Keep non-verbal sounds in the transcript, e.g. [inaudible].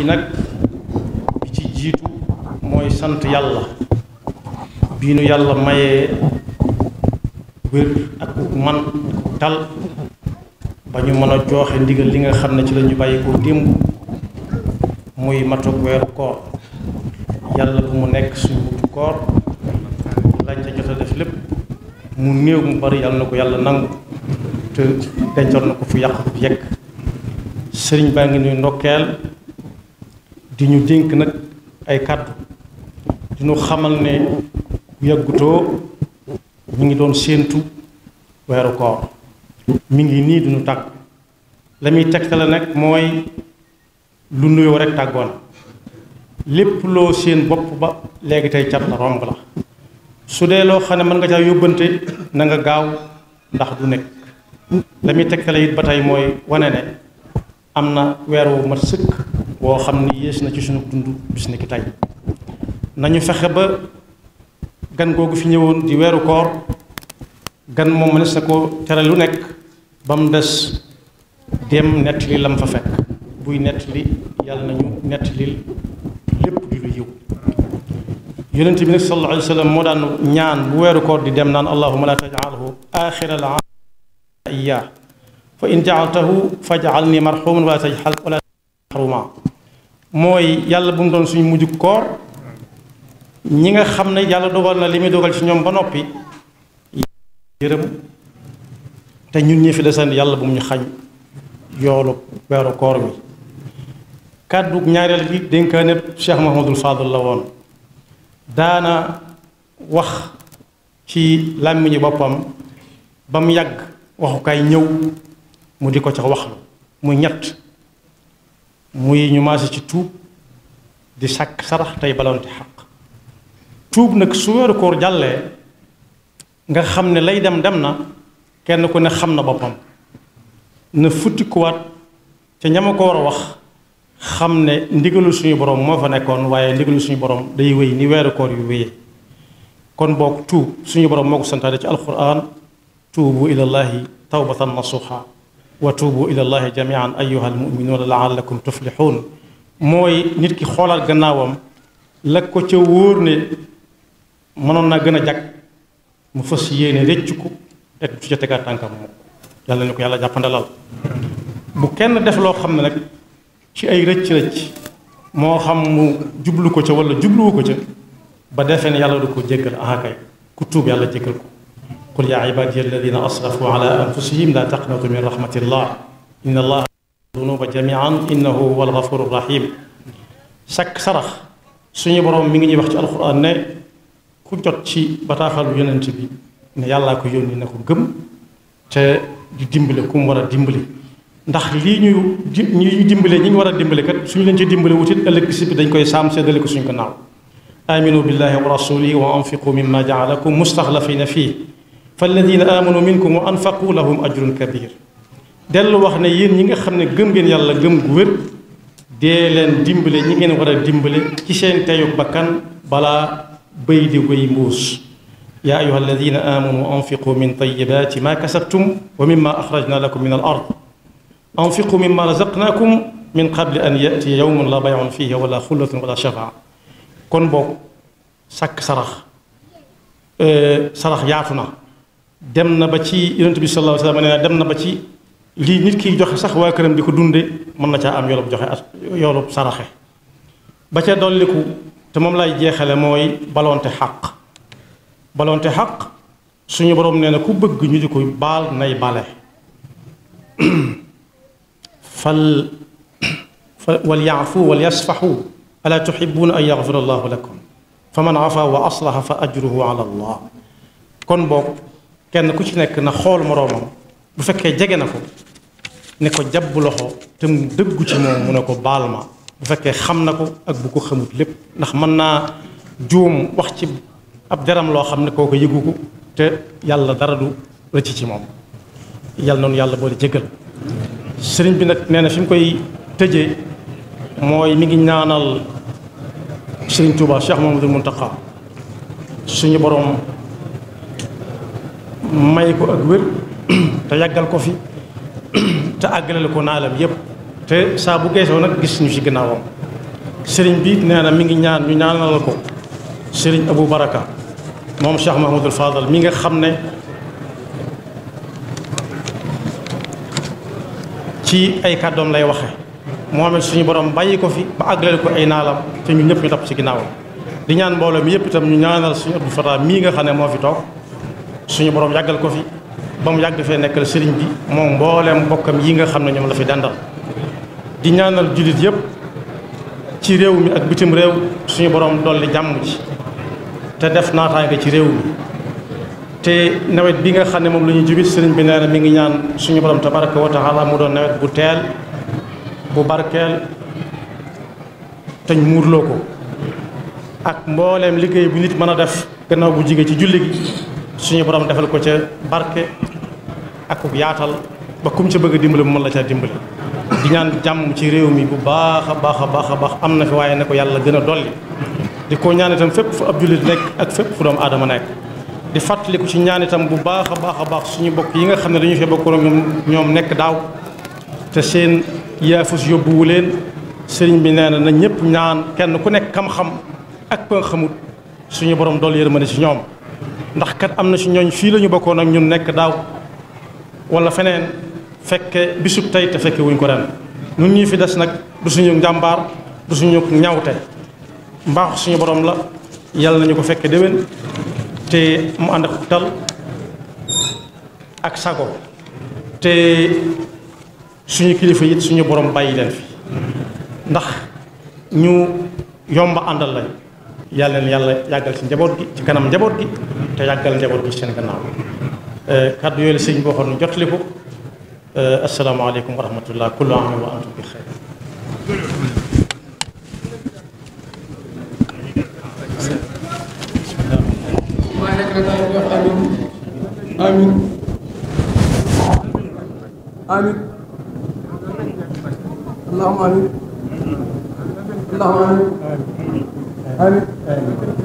yi nag bi ci jiitu mooy sant yàlla bii nu yàlla mayee wér ak man tal ba ñu mën a jooxe ndigal li nga xam ne ci la ñu bàyyi koo démb muy matuk weeru mu nekk suñu wutu koor néew mu na ko yàlla nangu na ko fu yàq sëriñ baa ngi nuy ndokkeel di ñu dénk nag ay kàddu di ñu xamal ne yëggutoo mu ngi doon séentu weeru koor mi ngi nii duñu tàgg la muy tegtale nag mooy lu nuyoo rek tàggoon lépp loo séen bopp ba léegi tey cat la romb la su dee loo xam ne mën nga ca yóbbante na nga gaaw ndax du nekk la muy tegtale it ba tey mooy wane ne am na weer wu mat sëkk woo xam ni yées na ci sunu dund bis ni ki nañu fexe ba gan googu fi ñëwoon di weeru koor gan moom mënees na ko tere lu nekk ba mu des dem nett li lam fa fekk buy nett li yàlla nañu nett li lépp di lu yiw yonent bi nag sallallahu alayhi wa moo daan ñaan bu weeru koor di dem naan allahuma la tajaalhu axira al iyaa fa in jaaltahu fajaalni marxuman wala tajal wala maxruma mooy yàlla bu mu doon suñu mujj koor ñi nga xam ne yàlla dogal na li muy dogal ci ñoom ba noppi yërëm te ñun ñi fi desandi yàlla bu mu ñu xañ yoolu weeru koor bi kàddu ñaareel gi dénkaane Cheikh Mahamadul Fadl la woon daana wax ci làmmiñu boppam ba mu yàgg waxukaay ñëw mu di ko ca waxlu muy ñett muy ñu maase ci tuub di sàkk sarax tey balonte xaq tuub nag su weeru koor jàllee nga xam ne lay dem dem na kenn ku ne xam na boppam na futti kuwaat te ñama ko war a wax xam ne ndigalu suñu borom moo fa nekkoon waaye ndigalu suñu borom day wéy ni weeru koor yu wéyee kon boog tuub suñu borom moo ko santaane ci alquran tuubu ilallahi tawbatan nasuha wa tuubu ila llahi jamian ayuha almuminuuna laallakum tuflixuun mooy nit ki xoolaat gannaawam la ko ca wóor ne mënoon naa gën a jàkk mu fës yéene rëcc ko teg su ca tegaat tànkam moom yàlla ni ko yàlla jàppandalal bu kenn def loo xam ne nag ci ay rëcc-rëcc moo xam mu jublu ko ca wala jubluwu ko ca ba defee ne yàlla du ko jéggal ahakay ku tuub yàlla jéggal ko qul yaa ibaadiya alladina la taqnatu min rahmatillah inna allaha dunuba jamian innahu huwa alghafuru rahim sakk suñu boroom mi ngi ñuy wax ci alquran ne ku jot ci bataaxalu yonent bi ne yàllaa ko yónni na ko gëm te di dimbale ku war a dimbale ndax lii ñu ñuy dimbale ñi ñu war a dimbale kat suñu leen ci dimbale wutit ëllëg bi si bi dañ koy saam a ko suñ ko naaw aminu billahi wa rasulihi wa anfiqu mimma fii falladina amanu minkum wa anfaqu lahum ajrun kabir dellu wax ne yéen ñi nga xam ne gëm ngeen yàlla gëm gu wér dee leen dimbale ñi ngeen war a dimbale ci seen teyu bakkan balaa béy di wéy mbuus yaa ayuha alladina amanu anfiqu min tayibati ma kasabtum wa mimma axrajna lakum min al ard anfiqu mimma razaqnakum min qabli an yatiya yawmun la bayun fihi wala xullatun wala shafaa kon boog sàkk sarax euh, sarax yaatu na dem na ba ci yonent bi sallallahu alayhi wa sallam dem na ba ci lii nit kiy joxe sax waa këram di ko dunde mën na caa am yoolub joxe as yoolub saraxe ba ca dolliku te moom lay jeexale mooy baloonte xaq baloonte xaq suñu boroom nee na ku bëgg ñu di ko baal nay bale [clears throat] fal [clears throat] wal yaafu wal yasfaxu alaa tuxibuuna an yaxfira allahu lakum fa faman afa wa aslaha fa ajruhu ala allah kon boog kenn ku ci nekk na xool moroomam bu fekkee jege na ko ne ko jàpp loxo te mu dëggu ci moom mu ne ko baal ma bu fekkee xam na ko ak bu ko xamut lépp ndax mën naa juum wax ci ab deram loo xam ne koo ko yëgu ko te yàlla dara du rëcc ci moom yàlla noonu yàlla boole jéggal sëriñ bi nag nee na fi mu koy tëje mooy mu ngi ñaanal sëriñ Touba Cheikh mun Mountakha suñu borom may ko ak wér [clears throat] te yàggal ko fi [clears throat] te àggaleel ko naalam yëpp te saa bu geesoo nag gis ñu ci gannaawam sëriñ bi neena na mi ngi ñaan ñu ñaanal ko sëriñ Abou Baraka moom Cheikh Mahmoudou Fadal mi nga xam ne ci ay lay waxe moom suñu borom bàyyi ko fi ba àggaleel ko ay naalam te ñu ñëpp ñu topp ci ginnaawam di ñaan mbooloo mi yëpp itam ñu ñaanal suñu Abdou Fatah mii nga xam ne moo fi toog suñu borom yàggal ko fi ba mu yàgg fee nekkal sëriñ bi moom mbooleem bokkam yi nga xam ne ñoom la fi dendal di ñaanal jullit yépp ci réew mi ak bitim réew suñu borom dolli jàmm ji te def naataange ci réew mi te nawet bi nga xam ne moom la ñuy jubit sëriñ bi nee mi ngi ñaan suñu borom tabaraka wa taala mu doon nawet bu teel bu barkeel te ñu muurloo ko ak mbooleem liggéey bu nit mën a def gannaaw bu jige ci julli gi suñu borom defal ko ca barke ak yaatal ba kum ca bëgg a dimbale mu mën la caa dimbale di ñaan jàmm ci réew mi bu baax a baax a baax a baax am na fi waaye ne ko yàlla gën a dolli di koo ñaan itam fépp fu ab jullit nekk ak fépp fu doom aadama nekk di fàttaliku ci ñaan itam bu baax a baax a baax suñu bokk yi nga xam ne dañu fee bokkoon ak ñoom nekk daaw te seen yaafus yóbbuwu leen sëriñ bi nee na na ñëpp ñaan kenn ku nekk xam-xam ak pën xamut suñu borom dool yërmande ci ñoom ndax kat am na si ñooñ fii lañu ñu bokkoon ak ñun nekk daaw wala feneen fekke bisub tey te fekke wuñ ko ren ñun ñii fi des nag du suñu njàmbaar du suñu ñawte mbaax suñu boroom la yàlla nañu ko fekke déwén te mu ànd ak dal ak sago te suñu kilifa yit suñu borom bàyyi leen fi ndax ñu yomba àndal lañ yàlla yàlla yàggal ci njaboot gi ci kanam njaboot gi te yàggal njaboot gi seen gannaaw eh, kàddu yooyu la sëñ bi waxoon jotali ko eh, asalaamaaleykum wa rahmatullah kullu am wa antum bi xeyr amin amin allahumma amin allahumma amin amin